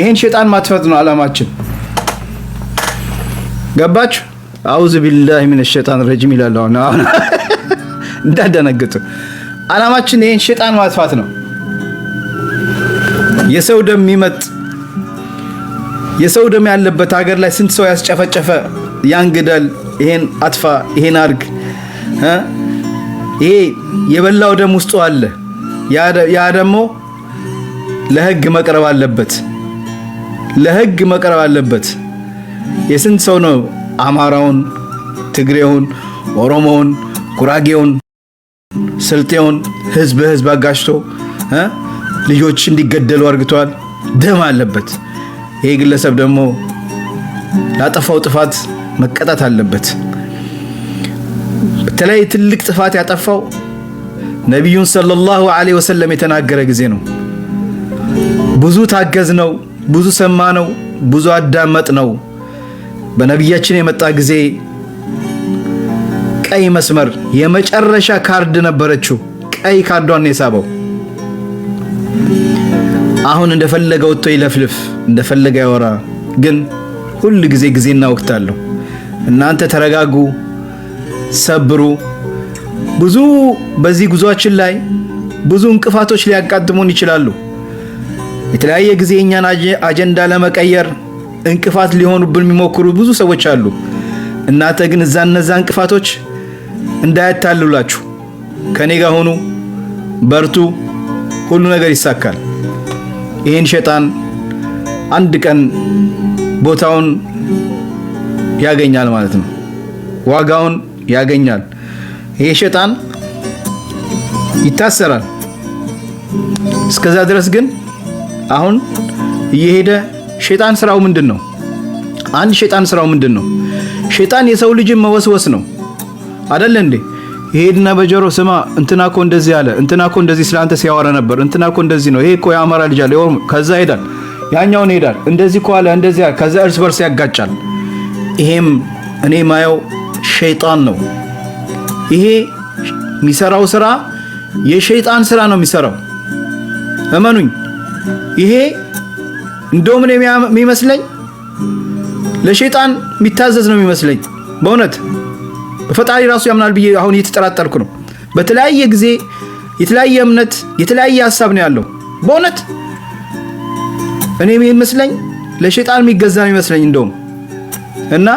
ይሄን ሸጣን ማጥፋት ነው አላማችን። ገባችሁ? አውዝ ቢላህ ሚነ ሸጣን ረጅም ይላል። አሁን እንዳደነግጡ አላማችን ይሄን ሸጣን ማጥፋት ነው። የሰው ደም የሚመጥ የሰው ደም ያለበት ሀገር ላይ ስንት ሰው ያስጨፈጨፈ ያን ይሄን አጥፋ፣ ይሄን አርግ። ይሄ የበላው ደም ውስጡ አለ። ያ ደግሞ ለህግ መቅረብ አለበት። ለህግ መቅረብ አለበት። የስንት ሰው ነው አማራውን፣ ትግሬውን፣ ኦሮሞውን፣ ጉራጌውን፣ ስልጤውን ህዝብ በህዝብ አጋጭቶ ልጆች እንዲገደሉ አድርግተዋል። ደም አለበት። ይህ ግለሰብ ደግሞ ላጠፋው ጥፋት መቀጣት አለበት። በተለይ ትልቅ ጥፋት ያጠፋው ነቢዩን ሰለላሁ ዐለይሂ ወሰለም የተናገረ ጊዜ ነው። ብዙ ታገዝ ነው ብዙ ሰማ ነው ብዙ አዳመጥ ነው። በነቢያችን የመጣ ጊዜ ቀይ መስመር የመጨረሻ ካርድ ነበረችው። ቀይ ካርዷን የሳበው አሁን እንደፈለገ ወጥቶ ይለፍልፍ፣ እንደፈለገ ያወራ። ግን ሁል ጊዜ ጊዜና ወቅት አለው። እናንተ ተረጋጉ፣ ሰብሩ። ብዙ በዚህ ጉዟችን ላይ ብዙ እንቅፋቶች ሊያጋጥሙን ይችላሉ። የተለያየ ጊዜ የእኛን አጀንዳ ለመቀየር እንቅፋት ሊሆኑብን የሚሞክሩ ብዙ ሰዎች አሉ። እናንተ ግን እዛ እነዛ እንቅፋቶች እንዳያታልላችሁ ከኔ ጋር ሆኑ፣ በርቱ፣ ሁሉ ነገር ይሳካል። ይህን ሸጣን አንድ ቀን ቦታውን ያገኛል ማለት ነው። ዋጋውን ያገኛል። ይሄ ሸጣን ይታሰራል። እስከዛ ድረስ ግን አሁን እየሄደ ሸይጣን ስራው ምንድን ነው? አንድ ሸይጣን ስራው ምንድን ነው? ሸይጣን የሰው ልጅን መወስወስ ነው አደለ እንዴ? ይሄድና በጆሮ ስማ፣ እንትናኮ እንደዚህ አለ፣ እንትናኮ እንደዚህ ስለአንተ ሲያወራ ነበር፣ እንትናኮ እንደዚህ ነው፣ ይሄ እኮ የአማራ ልጅ አለ፣ ከዛ ይሄዳል፣ ያኛውን ይሄዳል፣ እንደዚህ እኮ አለ፣ እንደዚህ አለ፣ ከዛ እርስ በርስ ያጋጫል። ይሄም እኔ ማየው ሸይጣን ነው። ይሄ የሚሰራው ስራ የሸይጣን ስራ ነው የሚሰራው፣ እመኑኝ። ይሄ እንደውም እኔ የሚመስለኝ ለሸይጣን የሚታዘዝ ነው የሚመስለኝ። በእውነት በፈጣሪ ራሱ ያምናል ብዬ አሁን እየተጠራጠርኩ ነው። በተለያየ ጊዜ የተለያየ እምነት የተለያየ ሀሳብ ነው ያለው። በእውነት እኔ የሚመስለኝ ለሸይጣን የሚገዛ ነው የሚመስለኝ እንደውም እና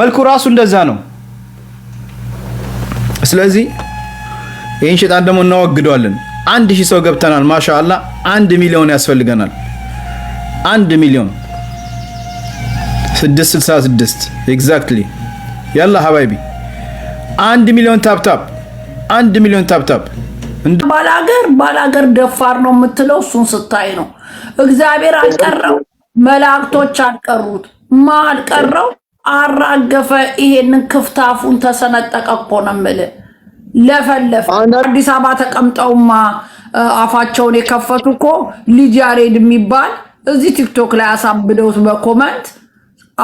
መልኩ ራሱ እንደዛ ነው። ስለዚህ ይህን ሸጣን ደግሞ እናወግደዋለን። አንድ ሺህ ሰው ገብተናል። ማሻአላ አንድ ሚሊዮን ያስፈልገናል። አንድ ሚሊዮን 666 ኤግዛክትሊ። ያላ ሀባይቢ አንድ ሚሊዮን ታፕታፕ፣ አንድ ሚሊዮን ታፕታፕ። ባላገር ባላገር ደፋር ነው የምትለው እሱን ስታይ ነው። እግዚአብሔር አልቀረው፣ መላእክቶች አልቀሩት። ማ አልቀረው? አራገፈ። ይሄንን ክፍታፉን ተሰነጠቀ እኮ ነው የምልህ ለፈለፈ አዲስ አበባ ተቀምጠውማ አፋቸውን የከፈቱ እኮ ልጅ ያሬድ የሚባል እዚህ ቲክቶክ ላይ አሳብደውት በኮመንት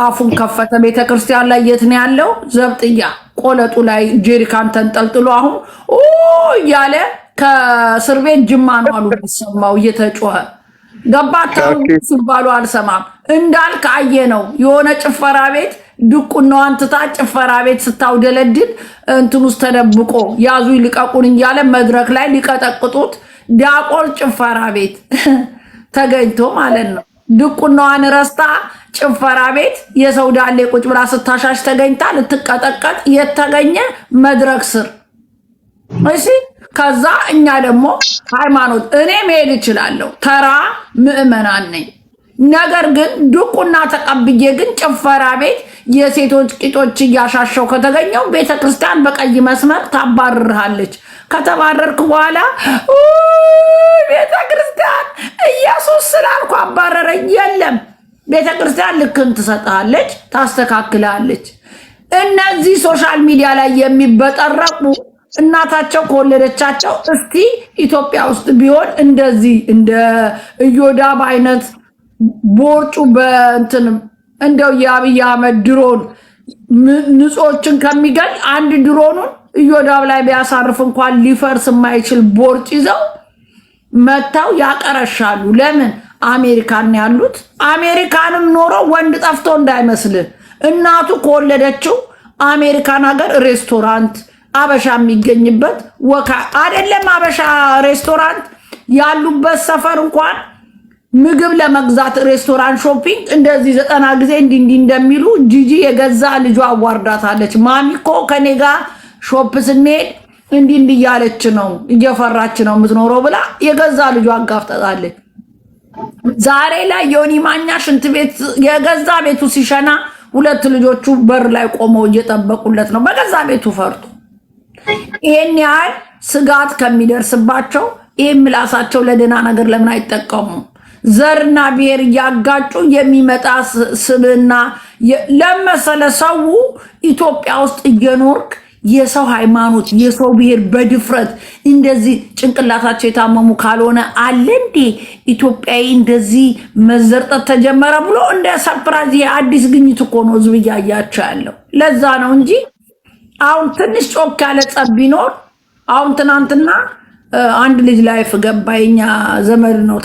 አፉን ከፈተ። ቤተክርስቲያን ላይ የት ነው ያለው? ዘብጥያ ቆለጡ ላይ ጄሪካን ተንጠልጥሎ አሁን እያለ ከእስር ቤት ጅማ ነው አሉ የሚሰማው እየተጮኸ ገባት ሲባሉ አልሰማም እንዳልክ አየ ነው የሆነ ጭፈራ ቤት ድቁናዋን ትታ ጭፈራ ቤት ስታውደለድል እንትን ውስጥ ተደብቆ ያዙ ልቀቁን እያለ መድረክ ላይ ሊቀጠቅጡት ዲያቆን ጭፈራ ቤት ተገኝቶ ማለት ነው። ድቁናዋን ረስታ ጭፈራ ቤት የሰው ዳሌ ቁጭ ብላ ስታሻሽ ተገኝታ ልትቀጠቀጥ የተገኘ መድረክ ስር እሺ ከዛ እኛ ደግሞ ሃይማኖት እኔ መሄድ እችላለሁ፣ ተራ ምዕመናን ነኝ። ነገር ግን ዱቁና ተቀብዬ ግን ጭፈራ ቤት የሴቶች ቂጦች እያሻሸው ከተገኘው ቤተ ክርስቲያን በቀይ መስመር ታባርርሃለች። ከተባረርክ በኋላ ቤተ ክርስቲያን ኢየሱስ ስላልኩ አባረረኝ፣ የለም ቤተ ክርስቲያን ልክን ትሰጥሃለች፣ ታስተካክላለች። እነዚህ ሶሻል ሚዲያ ላይ የሚበጠረቁ እናታቸው ከወለደቻቸው እስቲ ኢትዮጵያ ውስጥ ቢሆን እንደዚህ እንደ እዮዳብ አይነት ቦርጩ በእንትን እንደው የአብይ አህመድ ድሮን ንጹዎችን ከሚገል አንድ ድሮኑን እዮዳብ ላይ ቢያሳርፍ እንኳን ሊፈርስ የማይችል ቦርጭ ይዘው መጥተው ያቀረሻሉ። ለምን አሜሪካን ያሉት አሜሪካንም ኖሮ ወንድ ጠፍቶ እንዳይመስልህ እናቱ ከወለደችው አሜሪካን ሀገር ሬስቶራንት አበሻ የሚገኝበት ወካ አይደለም። አበሻ ሬስቶራንት ያሉበት ሰፈር እንኳን ምግብ ለመግዛት ሬስቶራንት ሾፒንግ እንደዚህ ዘጠና ጊዜ እንዲህ እንዲህ እንደሚሉ ጂጂ የገዛ ልጇ አዋርዳታለች። ማሚ እኮ ከኔ ጋር ሾፕ ስንሄድ እንዲህ እንዲህ እያለች ነው እየፈራች ነው የምትኖረው ብላ የገዛ ልጇ አጋፍጠታለች። ዛሬ ላይ ዮኒ ማኛ ሽንት ቤት የገዛ ቤቱ ሲሸና ሁለት ልጆቹ በር ላይ ቆመው እየጠበቁለት ነው በገዛ ቤቱ ፈርቶ ይሄን ያህል ስጋት ከሚደርስባቸው ይህ ምላሳቸው ለደህና ነገር ለምን አይጠቀሙም? ዘርና ብሔር እያጋጩ የሚመጣ ስብና ለመሰለ ሰው ኢትዮጵያ ውስጥ እየኖርክ የሰው ሃይማኖት፣ የሰው ብሔር በድፍረት እንደዚህ ጭንቅላታቸው የታመሙ ካልሆነ አለ እንዴ ኢትዮጵያዊ እንደዚህ መዘርጠት ተጀመረ ብሎ እንደ ሰፕራይዝ የአዲስ ግኝት እኮ ነው ህዝብ እያያቸው ያለው። ለዛ ነው እንጂ አሁን ትንሽ ጮክ ያለ ጸብ ቢኖር አሁን ትናንትና አንድ ልጅ ላይፍ ገባ የኛ ዘመድ ነው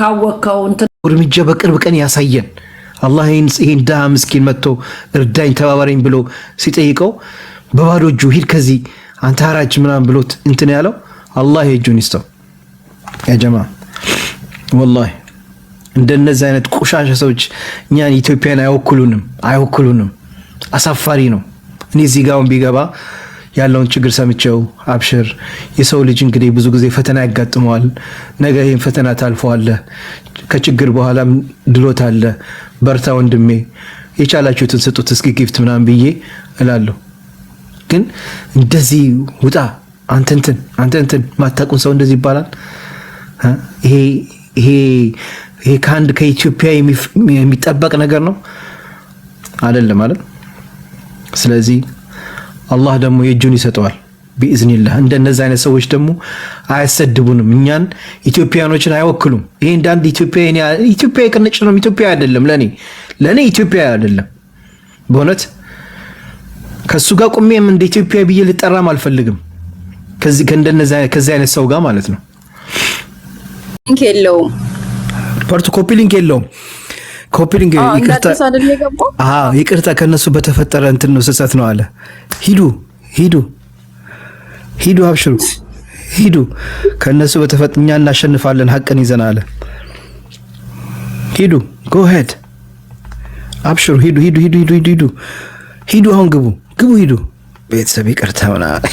ካወቅከው እርምጃ በቅርብ ቀን ያሳየን አላህ ይህን ድሃ ምስኪን መጥቶ እርዳኝ ተባባሪኝ ብሎ ሲጠይቀው በባዶ እጁ ሂድ ከዚህ አንተ ሀራጅ ምናምን ብሎት እንትን ያለው አላህ የእጁን ይስተው። ያጀማ ወላ ወላሂ እንደነዚህ አይነት ቆሻሻ ሰዎች እኛን ኢትዮጵያን አይወክሉንም፣ አይወክሉንም። አሳፋሪ ነው። እኔ እዚህ ጋውን ቢገባ ያለውን ችግር ሰምቼው አብሽር፣ የሰው ልጅ እንግዲህ ብዙ ጊዜ ፈተና ያጋጥመዋል። ነገ ይህን ፈተና ታልፈዋለህ፣ ከችግር በኋላም ድሎት አለ። በርታ ወንድሜ፣ የቻላችሁትን ስጡት እስኪ ጊፍት ምናምን ብዬ እላለሁ። ግን እንደዚህ ውጣ አንተንትን አንተንትን ማታቁን ሰው እንደዚህ ይባላል። ይሄ ከአንድ ከኢትዮጵያ የሚጠበቅ ነገር ነው አይደለም ማለት ስለዚህ አላህ ደግሞ የእጁን ይሰጠዋል ቢኢዝኒላህ። እንደነዚህ አይነት ሰዎች ደግሞ አያሰድቡንም፣ እኛን ኢትዮጵያኖችን አይወክሉም። ይሄ እንደ አንድ ኢትዮጵያ ኢትዮጵያ የቅንጭ ነው። ኢትዮጵያ አይደለም ለእኔ ለእኔ ኢትዮጵያ አይደለም በእውነት ከሱ ጋር ቁሜም እንደ ኢትዮጵያ ብዬ ልጠራም አልፈልግም። ከዚህ ከዚህ አይነት ሰው ጋር ማለት ነው። ሊንክ የለውም፣ ኮፒ ሊንክ የለውም። ኮፒሊንግ ይቅርታ ከነሱ በተፈጠረ እንትን ነው ስህተት ነው አለ። ሂዱ ሂዱ ሂዱ፣ አብሽሩ ሂዱ። ከነሱ በተፈጥ እኛ እናሸንፋለን፣ ሀቅን ይዘን አለ። ሂዱ ጎ ሄድ አብሽሩ፣ ሂዱ ሂዱ ሂዱ ሂዱ ሂዱ ሂዱ፣ አሁን ግቡ ግቡ፣ ሂዱ። ቤተሰብ ይቅርታ ምናምን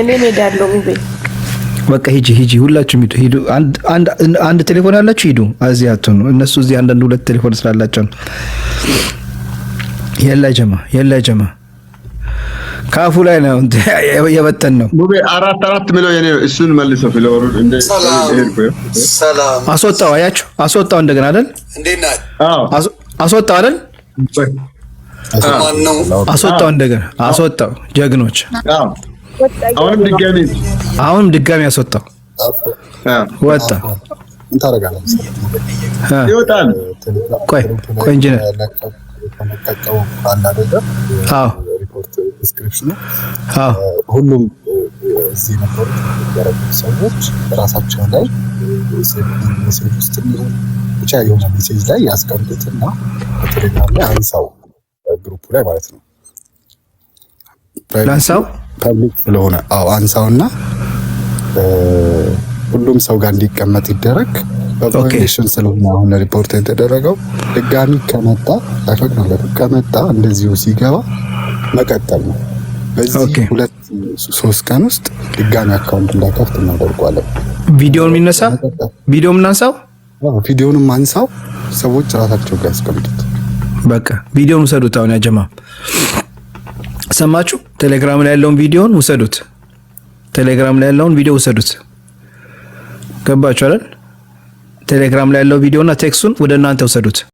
እኔ ሄዳለሁ በቃ ሂጂ ሂጂ፣ ሁላችሁም ሂዱ ሂዱ። አንድ ቴሌፎን አላችሁ ሂዱ። እዚህ አትሆኑ። እነሱ እዚህ አንዳንድ ሁለት ቴሌፎን ስላላቸው ነው። የላ ጀማ የላ ጀማ ካፉ ላይ ነው የበተን ነው። አራት አራት ምለው የኔ እሱን መልሰው ፍለወሩ አስወጣው። አያችሁ አስወጣው። እንደገና አይደል አስወጣው አይደል አስወጣው። እንደገና አስወጣው። ጀግኖች አሁንም ድጋሚ አሁንም ድጋሚ አስወጣው ወጣ። ቆይ ቆይ ኢንጂነር ሁሉም እዚህ ያረጉ ሰዎች ራሳቸው ላይ ሜሴጅ ውስጥ ብቻ የሆነ ሜሴጅ ላይ ያስቀምጡት እና በቴሌግራም ላይ አንሳው ላይ ማለት ነው። ፐብሊክ ስለሆነ አዎ አንሳው እና ሁሉም ሰው ጋር እንዲቀመጥ ይደረግ። በቫይሌሽን ስለሆነ አሁን ሪፖርት የተደረገው ድጋሚ ከመጣ አይፈቅድለት። ከመጣ እንደዚሁ ሲገባ መቀጠል ነው። በዚህ ሁለት ሶስት ቀን ውስጥ ድጋሚ አካውንት እንዳከፍት እናደርጓለን። ቪዲዮን የሚነሳ ቪዲዮ ምናንሳው ቪዲዮንም አንሳው ሰዎች ራሳቸው ጋር ያስቀምጡት። በቃ ቪዲዮን ውሰዱት። አሁን ያጀማ ሰማችሁ፣ ቴሌግራም ላይ ያለውን ቪዲዮን ውሰዱት። ቴሌግራም ላይ ያለውን ቪዲዮ ውሰዱት። ገባችሁ አይደል? ቴሌግራም ላይ ያለው ቪዲዮና ቴክስቱን ወደ እናንተ ውሰዱት።